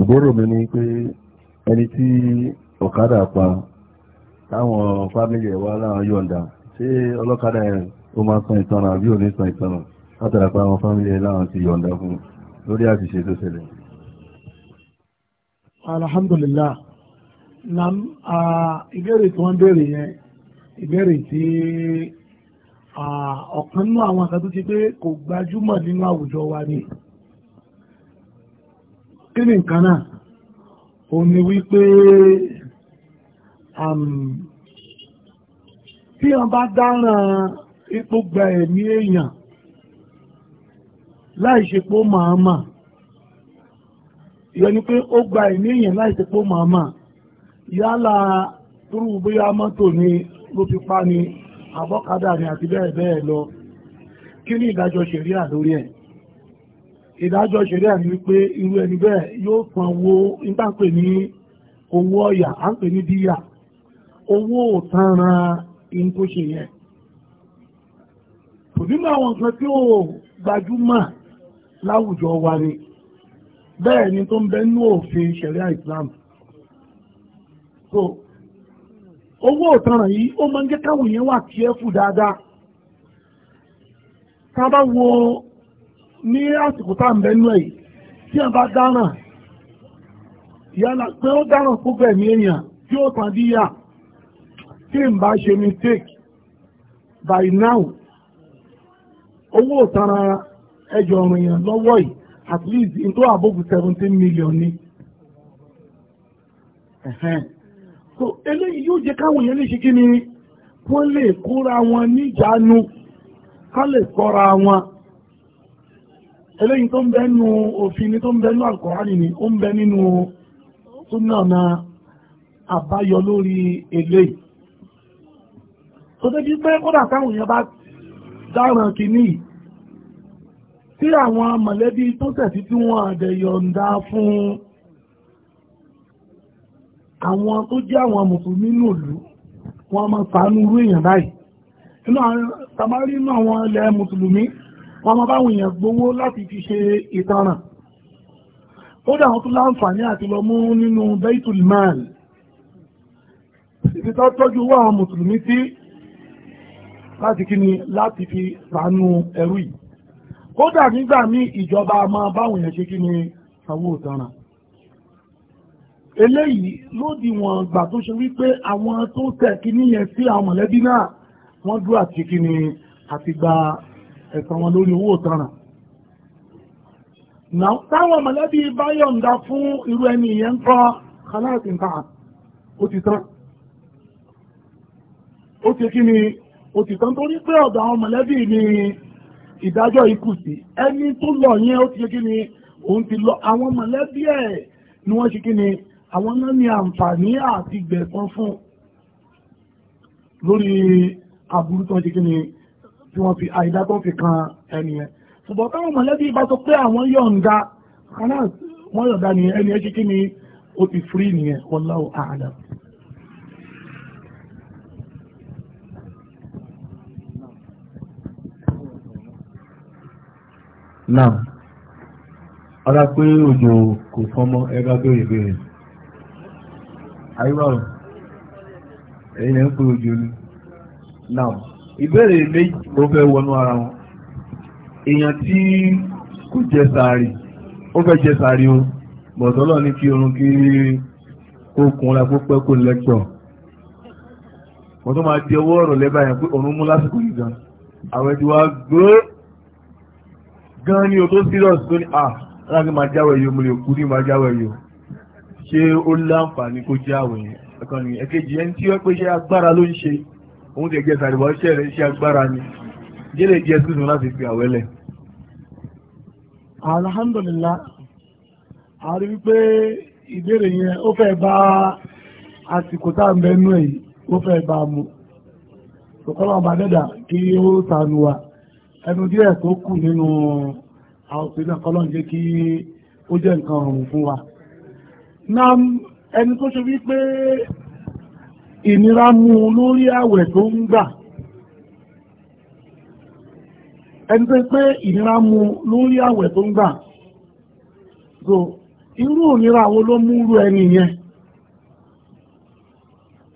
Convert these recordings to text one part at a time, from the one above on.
ìgbérò mi ni pé ẹni tí ọ̀kadà pa táwọn fámílì ẹ̀wà láwọn yọ̀ǹda ṣé ọlọ́kadà ẹ̀ ó máa san ìtanà àbí òní san ìtanà látara pa àwọn fámílì ẹ̀ láwọn ti yọ̀ǹda fún lórí àṣìṣe tó ṣẹlẹ̀. alhamdulillah nam ìbéèrè tí wọ́n béèrè yẹn ìbéèrè tí ọ̀kan nínú àwọn kan pé kò gbajúmọ̀ nínú àwùjọ wa ni kí ni nǹkan náà ó ní wípé um, tí wọ́n bá dáràn ipò gba ẹ̀mí èèyàn láìsepó màámà ìyẹn ni pé ó gba ẹ̀mí èèyàn láìsepó màámà yálà túrú bóyá mọ́tò ni ló fi pa ni àbọ́kadà ni àti bẹ́ẹ̀ bẹ́ẹ̀ lọ kí ni ìdájọ́ ṣẹ̀ríà lórí ẹ̀ ìdájọ́ ṣẹlẹ̀ ní wípé irú ẹni bẹ́ẹ̀ yóò san owó ìtànpè ní owó ọ̀yà à ń pè ní díyà owó òtanran tó ṣe yẹn kò nínú àwọn nǹkan tí ó gbajúmọ̀ láwùjọ wa ni bẹ́ẹ̀ ni tó ń bẹ nínú òfin Islam so owó yìí ó máa ń jẹ́ káwọn a ní àsìkò tá ń bẹ́nu ẹ̀yí tí wọ́n bá dáràn yálà pé ó dáràn gbogbo ẹ̀mí èèyàn tí se by now owó òtara ẹjọ ọrụ ya lọwọ yìí at least in tó seventeen million ni. so eléyìí yóò jẹ́ káwọn èèyàn lè ṣe kí ni wọ́n lè kóra wọn níjàánu ká lè sọ́ra wọn. eléyìn tó ń bẹ nínú òfin ni tó ń bẹ nínú alkùnrin ni ó ń bẹ nínú súnà na àbáyọ lórí èlé tó débi pé kódà táwọn èèyàn bá dáràn kìíní tí àwọn mọ̀lẹ́bí tó tẹ̀sí tí wọ́n àdẹ̀yọ̀ǹda fún àwọn tó jẹ́ àwọn mùsùlùmí nùlù wọ́n máa ṣàánú irú èèyàn báyìí inú àwọn tamari inú àwọn ilẹ̀ mùsùlùmí wọ́n máa báwọn èèyàn gbowó láti fi ṣe ìtanràn ó dà wọ́n tún láǹfààní àti lọ mú nínú baitul mal ibi tó tọ́jú owó àwọn mùsùlùmí sí láti kí ni láti fi ránú ẹrú yìí ó dà nígbà míì ìjọba máa báwọn èèyàn ṣe kí ni àwọn ìtanràn eléyìí lódiwọ̀n ìgbà tó ṣe wípé àwọn tó tẹ̀ kí níyẹn sí àwọn mọ̀lẹ́bí náà wọ́n dúró àti kí ni àti gba ẹ̀sán wọn lórí owó ọ̀taràn táwọn mọ̀lẹ́bí bá yọ̀ǹda fún irú ẹni ìyẹn kọ́ kàláàtì nǹkan ó ti tán ó ti kí ni ó ti tán torí pé ọ̀dọ̀ àwọn mọ̀lẹ́bí ni ìdájọ́ ikú sí ẹni tó lọ yẹn ó ti kí ni òun ti lọ àwọn mọ̀lẹ́bí ẹ̀ ni wọ́n ṣe kí ni àwọn náà ní àǹfààní àti gbẹ̀san fún lórí aburú tó ń ṣe kí ni tí wọ́n fi àìdá tó fi kan ẹni yẹn ṣùgbọ́n táwọn mọ̀lẹ́bí bá sọ pé àwọn yọ̀ǹda kanáà wọ́n yọ̀ǹda nìyẹn ẹni yẹn kíkí ni ó ti firi nìyẹn wallahu a'lam. náà ọ̀rá pé òjò kò fọmọ ẹgbẹ́ bèrè bèrè ayé wà ẹ̀yin lè ń pè òjò ni náà ìbéèrè méjì ó fẹ́ wọnú ara wọn èèyàn tí kò jẹ sàárì ó fẹ́ jẹ sàárì o bọ̀tọ́lọ̀ ní kí orun kí ó kun ra púpẹ́ kó lẹ́kọ̀ọ́ wọ́n tó máa di ọwọ́ ọ̀rọ̀ lẹ́bàá yẹn pé òun mú lásìkò yìí gan àwọn ẹ̀dùn wa gbó gan ni o tó serious tó ní à láti máa jáwọ̀ yìí mo lè kú ní máa jáwọ̀ yìí o ṣé ó láǹfààní kó jáwọ̀ yẹn ẹ̀kan nìyẹn ẹ̀kejì ẹni tí wọ́n pé ṣe agbára ló ń ṣe òun kẹ̀ jẹ́ sàrìwọ̀ iṣẹ́ rẹ̀ iṣẹ́ agbára ni jẹ́ jẹ́ sísun láti fi àwẹ́lẹ̀. alhamdulillah a rí wípé ìbéèrè yẹn ó fẹ́ bá àsìkò tá à ń bẹ nú ba ó fẹ́ bá a mú ọ̀kọ́lọ́ ọba dẹ́dà kí ó sànù wa ẹnu díẹ̀ tó kù nínú àwọn òṣèlú ọ̀kọ́lọ́ ń jẹ́ kí fún wa. nam ẹni tó ṣe ìnira mú un lórí àwẹ̀ tó ń gbà ẹni pé pé ìnira mú un lórí àwẹ̀ tó ń gbà so irú ònira wo ló mú rú ẹni yẹn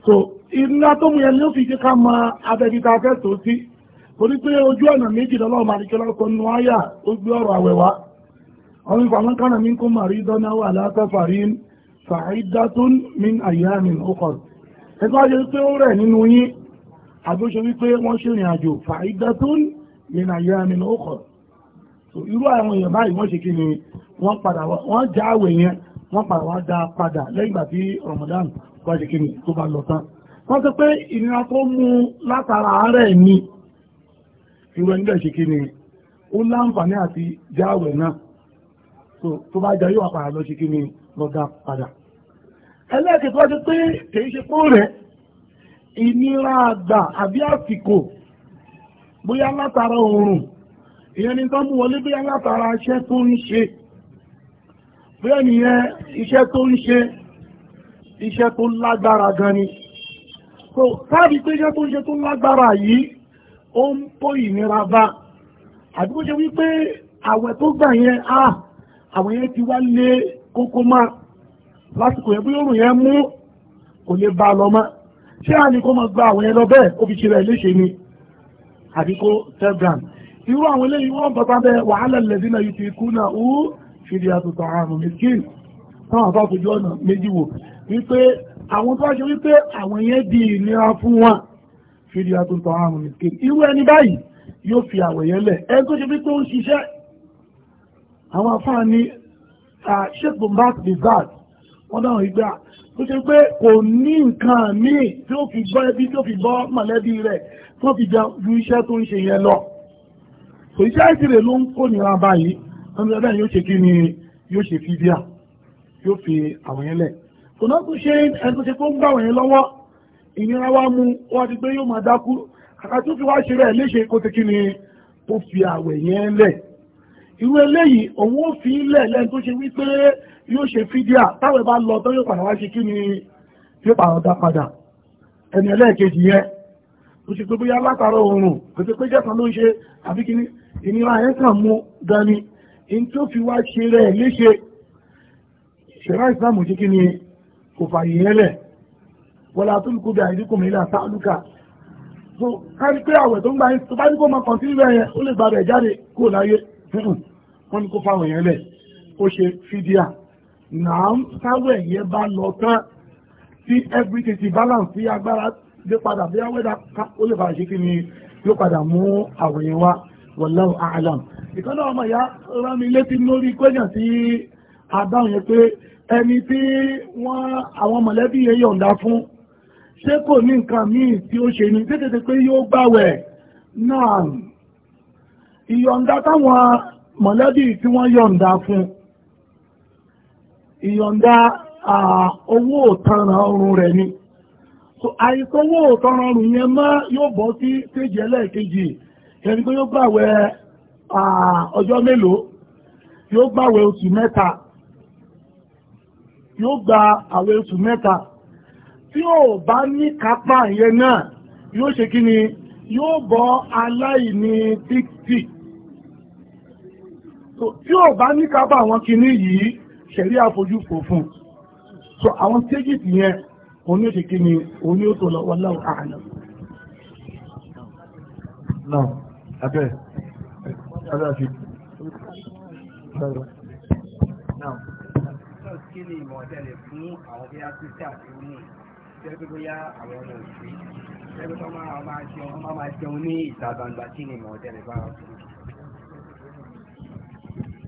so ìnira tó mú yẹn ló fi ká mọ abẹ́gíta fẹ́ tó sí torí pé ojú ọ̀nà méjì nù áyà ó gbé ọ̀rọ̀ àwẹ̀ wá kánà ẹgbẹ́ ajé wípé ó rẹ̀ nínú yín àgbóṣe wípé wọ́n ṣe ìrìn àjò fàídà tó ń yẹn àyà nínú ọkọ̀ irú àwọn èèyàn báyìí wọ́n ṣe kí ni wọ́n padà wọ́n já àwẹ̀ yẹn wọ́n padà wá dá padà lẹ́yìn ìgbà tí Ramadan wọ́n ṣe kí ni tó bá lọ tán wọ́n sọ pé ìnira tó mú látara àárẹ̀ ni irú ẹni bẹ́ẹ̀ ṣe kí ni ó láǹfààní àti já àwẹ̀ náà tó bá jẹ́ yóò padà lọ ṣe kí ni lọ dá padà ẹlẹ́ẹ̀kẹ́kọ́ ti pé kìí ṣe kó rẹ̀ ìnira àgbà àbí àsìkò bóyá látara oòrùn ìyẹn ni tán mú wọlé bóyá látara iṣẹ́ tó ń ṣe bóyá nìyẹn iṣẹ́ tó ń ṣe iṣẹ́ tó lágbára gan ni so káàdì pé iṣẹ́ tó ń ṣe tó lágbára yìí ó ń kó ìnira bá àti ṣe wípé àwẹ̀ tó gbà yẹn ah, àwẹ̀ yẹn ti wá lé kókó máa lásìkò yẹn bí oòrùn yẹn mú kò lè bá lọ mọ́ ṣé àní kó máa gba àwọn yẹn lọ bẹ́ẹ̀ ó fi ṣe rẹ̀ léṣe ni àbí kó tẹ́gàn irú àwọn eléyìí wọ́n bàbá bẹ́ẹ̀ wàhálà lẹ́dínà yìí ti kú náà ó fìdí àtúntò àrùn mìsíkìn táwọn bá fojú ọ̀nà méjì wò wípé àwọn tó ṣe wípé àwọn yẹn di ìnira fún wọn fìdí àtúntò àrùn mìsíkìn irú ẹni báyìí yóò fi àwẹ̀ yẹn lẹ̀ ẹni tó ṣe wípé ó ń ṣiṣẹ́ àwọn afáàní ah, sheikh bombard bizard wọ́n dáhùn ìgbà tó ṣe pé kò ní nǹkan míì tí ó fi bọ́ ẹbí tí ó fi bọ́ mọ̀lẹ́bí rẹ̀ tó fi jẹ ju iṣẹ́ tó ń ṣe yẹn lọ kò iṣẹ́ ìṣirè ló ń kó nira báyìí ọmọ ẹgbẹ́ yóò ṣe kí ni yóò ṣe fi bíà yóò fi àwọn yẹn lẹ̀ kò náà tó ṣe ẹni tó ṣe tó ń gbà wọ̀nyẹn lọ́wọ́ ìnira wa mú wá ti pé yóò máa dákú kàkà wá ṣe rẹ̀ léṣe kó ti kí ni tó fi àwẹ̀ yẹn lẹ̀ irú eléyìí òun ó fi ilẹ̀ lẹ́nu tó ṣe wípé yóò ṣe fídíà táwọn ẹ̀ bá lọ tó yóò padà wá ṣe kí ni yóò padà dá padà ẹni ẹlẹ́ẹ̀kejì yẹn ó ṣe pé bóyá látara oòrùn kò ṣe pé jẹ́sán ló ń ṣe àbí kí ni ìnira yẹn kàn mú dání in tó fi wá ṣe rẹ̀ léṣe ṣẹ̀rá ìsìlámù ṣe kí ni kò fààyè yẹn lẹ̀ wọlá tó kó bí àìdíkùn mi là sáàlùkà so kárí pé àwẹ̀ tó ń gbà yín tó bá ní kó máa kọ̀ntínú rẹ̀ yẹn ó lè gbà rẹ̀ jáde kó láyé Hmm. wọ́n ní kó fáwọn èèyàn lẹ̀ ó ṣe fídíà náà táwọn ẹ̀yẹ bá lọ tán tí everything ti balance sí agbára dé padà bí awẹ́dà ó lè padà ṣe kí ni yóò padà mú àwọn èèyàn wá wallahu a'lam ìkan náà ọmọ ìyá rán mi létí lórí kwẹ́jàn sí adáhùn yẹn pé ẹni tí wọ́n àwọn mọ̀lẹ́bí yẹn yọ̀ǹda fún ṣé kò ní nǹkan míì tí ó ṣe ni tètè pé yóò gbàwẹ̀ náà ìyọ̀ǹda táwọn mọ̀lẹ́bí tí wọ́n yọ̀ǹda fún ìyọ̀ǹda owó òtanràn ọrùn rẹ̀ ni so àìsàn owó òtanràn ọrùn yẹn má yóò bọ́ sí stage ẹlẹ́ẹ̀kejì ẹni pé yóò gbàwẹ̀ ọjọ́ mélòó yóò gbàwẹ̀ oṣù mẹ́ta yóò gba àwẹ̀ oṣù mẹ́ta tí ò bá ní kápá yẹn náà yóò ṣe kí ni yóò bọ́ aláìní tíktík so tí ò bá ní kábà àwọn kinní yìí ṣẹ̀rí àfojúfò fún so àwọn stages yẹn òun ní òṣèké ni òun ní ó tó lọ wallahu a'lam. náà abẹ́ abẹ́ àfi. náà kí ni ìmọ̀ ọ̀tẹ̀lẹ̀ fún àwọn ọmọ òṣèré jẹ́gbẹ́ máa jẹun ní ìta gbangba kí ni ìmọ̀ ọ̀tẹ̀lẹ̀ bá wọn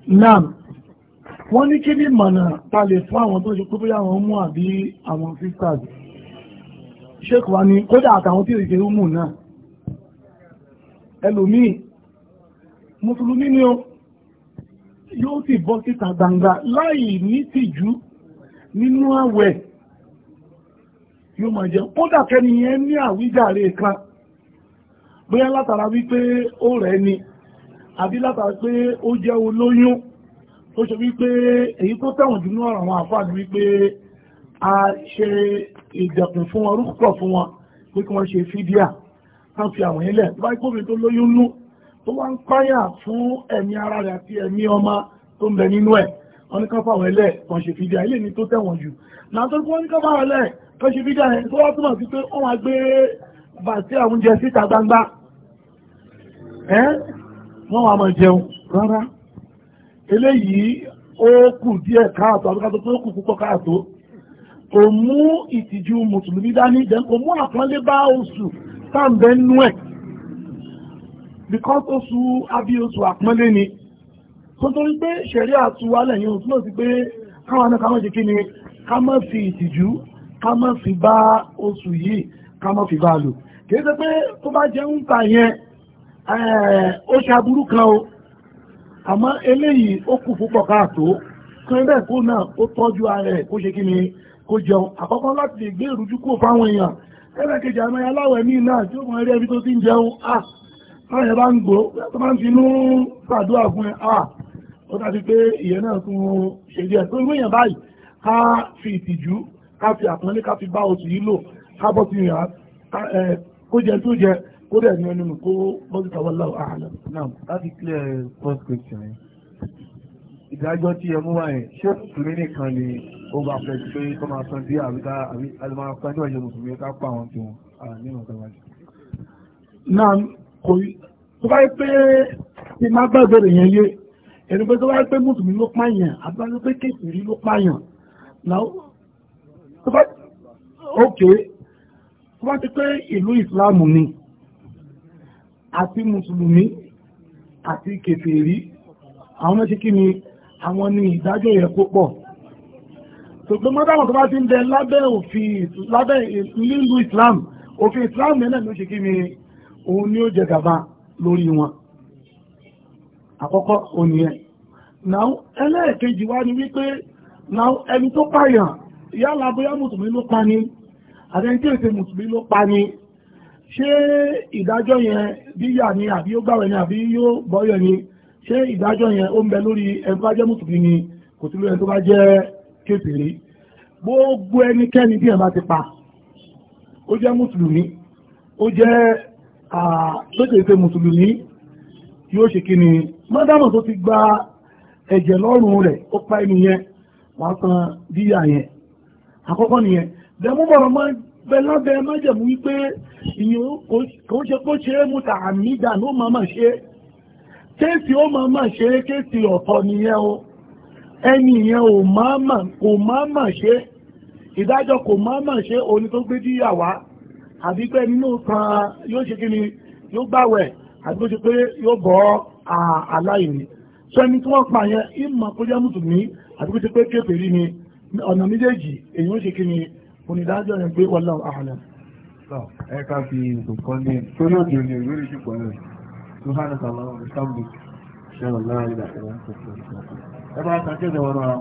nam wọ́n ní kí ní mọ̀nà ta lè fún àwọn tó ṣe kóbóyá àwọn mú àbí àwọn sisters ṣékù wa ni kódà àtàwọn tí ìṣe ń mú náà ẹlòmíì mùsùlùmí ni ó yóò sì bọ́ síta gbangba láì ní tìjú nínú àwẹ̀ yóò máa jẹ kódà kẹ́ni yẹn ní àwíjàre kan bóyá látara wípé ó rẹ̀ ni àbí látà pé ó jẹ́ olóyún tó ṣe wípé èyí tó tẹ̀wọ̀n jù náà àwọn àfáàdì wípé a ṣe ìdẹ̀kùn fún wọn rúkọ̀ fún wọn pé kí wọ́n ṣe fídíà kan fi àwọn ilẹ̀ tó bá ikú mi tó lóyún nú tó wá ń páyà fún ẹ̀mí ara rẹ̀ àti ẹ̀mí ọmọ tó ń bẹ nínú ẹ̀ wọ́n ní ká fáwọn ẹlẹ́ kan ṣe fídíà ilé ní tó tẹ̀wọ̀n jù náà tó wọ́n ní ká fáwọn ẹlẹ́ kan ṣe fídíà yẹn tó wá túmọ̀ sí pé wọ́n wá gbé bàtí àwọn oúnjẹ síta gbangba wọ́n wà máa jẹun rárá eléyìí ó kù díẹ̀ káàtó àbíká tó kù púpọ̀ káàtó kò mú ìtìjú mùsùlùmí dání jẹ́ kò mú àpọ́nlé bá oṣù táǹbẹ́ nú ẹ̀ because oṣù àbí oṣù àpọ́nlé ni tó tó ń gbé ṣẹ̀rí àtúwá lẹ́yìn oṣù náà ti pé káwọn náà káwọn ṣe ni ká má fi ìtìjú ká má fi bá oṣù yìí ká má fi bá lò kìí ṣe pé tó bá jẹ́ ń ta yẹn ó ṣàbúrú kan o àmọ́ eléyìí ó kù púpọ̀ káàtó kẹ́ńdẹ̀ kó náà ó tọ́jú ara ẹ̀ kó ṣe kí ni kó jẹun àkọ́kọ́ láti lè gbé ìrújú kó fáwọn èèyàn ẹ̀rẹ́ kejì àmọ́ aláwọ̀ ẹ̀mí náà tí ó mọ̀ rí ẹbí tó ti ń jẹun à láyé bá ń gbò tó bá ń finú pàdúrà fún ẹ à ó dàbí pé ìyẹn náà tún ṣe díẹ̀ tó ń gbìyàn báyìí ká fi ìtìjú ká fi àpọ́nlé ká fi bá oṣù yìí lò ká bọ́ sí ìyàn kó jẹ tó jẹ kó dẹ̀ ní ẹnu kó bọ́sítà wallahu a'lam. now láti clear first question yẹn ìdájọ́ tí ẹ mú wá yẹn ṣé mùsùlùmí nìkan ni ó bá fẹ́ pé kó máa san bí àbíká àbí alùpàá fẹ́ ní ọ̀yẹ́ mùsùlùmí ká pa àwọn tí wọn nínú ọ̀gá wájú. náà kò tó bá yẹ pé ti má gbàgbé rẹ̀ yẹn yé ẹni pé tó bá yẹ pé mùsùlùmí ló pààyàn àbí wá pé kékeré ló pààyàn ok tó bá ti pé ìlú ìsìláàmù ni àti mùsùlùmí àti kèfèrí àwọn mẹ́sí kí ni àwọn ni ìdájọ́ yẹ kó pọ̀ ṣùgbọ́n mọ́tàwọn tó bá ti ń bẹ lábẹ́ òfin Islam òfin Islam náà ló ṣe kí ni òun ni ó jẹ gàba lórí wọn àkọ́kọ́ ònìyẹn náà ẹlẹ́ẹ̀kejì wá ni wípé náà ẹni tó pààyàn yálà bóyá mùsùlùmí ló pa ni àtẹni tí èsè mùsùlùmí ló pa ni ṣé ìdájọ́ yẹn bí yà ni àbí ó gbàwẹ̀ ni àbí yóò bọ́yọ̀ ni ṣé ìdájọ́ yẹn ó ń bẹ lórí ẹni tó bá jẹ́ mùsùlùmí ni kò sí lórí ẹni tó bá jẹ́ kékeré gbogbo ẹnikẹ́ni bí ẹ̀ bá ti pa ó jẹ́ mùsùlùmí ó jẹ́ àtọ́jẹ̀ẹ́sẹ̀ mùsùlùmí yóò ṣe kí ni mọ́dámọ̀ tó ti gba ẹ̀jẹ̀ lọ́rùn rẹ̀ ó pa ẹni yẹn wà san díyà yẹn àkọ́kọ́ nìyẹn dẹ̀mú bọ̀rọ̀ mọ́ bẹ lábẹ́ májẹ̀mú wípé o ṣe kó ṣe múta ó máa máa ṣe kéèsì ó máa ṣe kéèsì ọ̀tọ̀ nìyẹn o ẹni ìyẹn ò ṣe ìdájọ́ kò mọ́mọ̀ ṣe oní tó gbé díyàwá àbí pé nínú kan yóò ṣe kí ni yóò gbàwẹ̀ àbí ṣe pé yóò bọ́ aláìní sọ ẹni tí wọ́n pa yẹn ìmọ̀ kó jẹ́ àbí ṣe pé ni ọ̀nà méjèèjì èyí ó ni yẹn gbé ẹ ká fi nǹkan ní torí òjò ní ìwé ìṣù pẹ̀lú tó hàn ní sàlọ́ ọ̀rẹ́ sáàmù ṣẹlẹ̀ láàrin àti ẹ̀rọ ń tẹ̀síwájú. ẹ bá ta kí ẹ̀jẹ̀ wọn náà.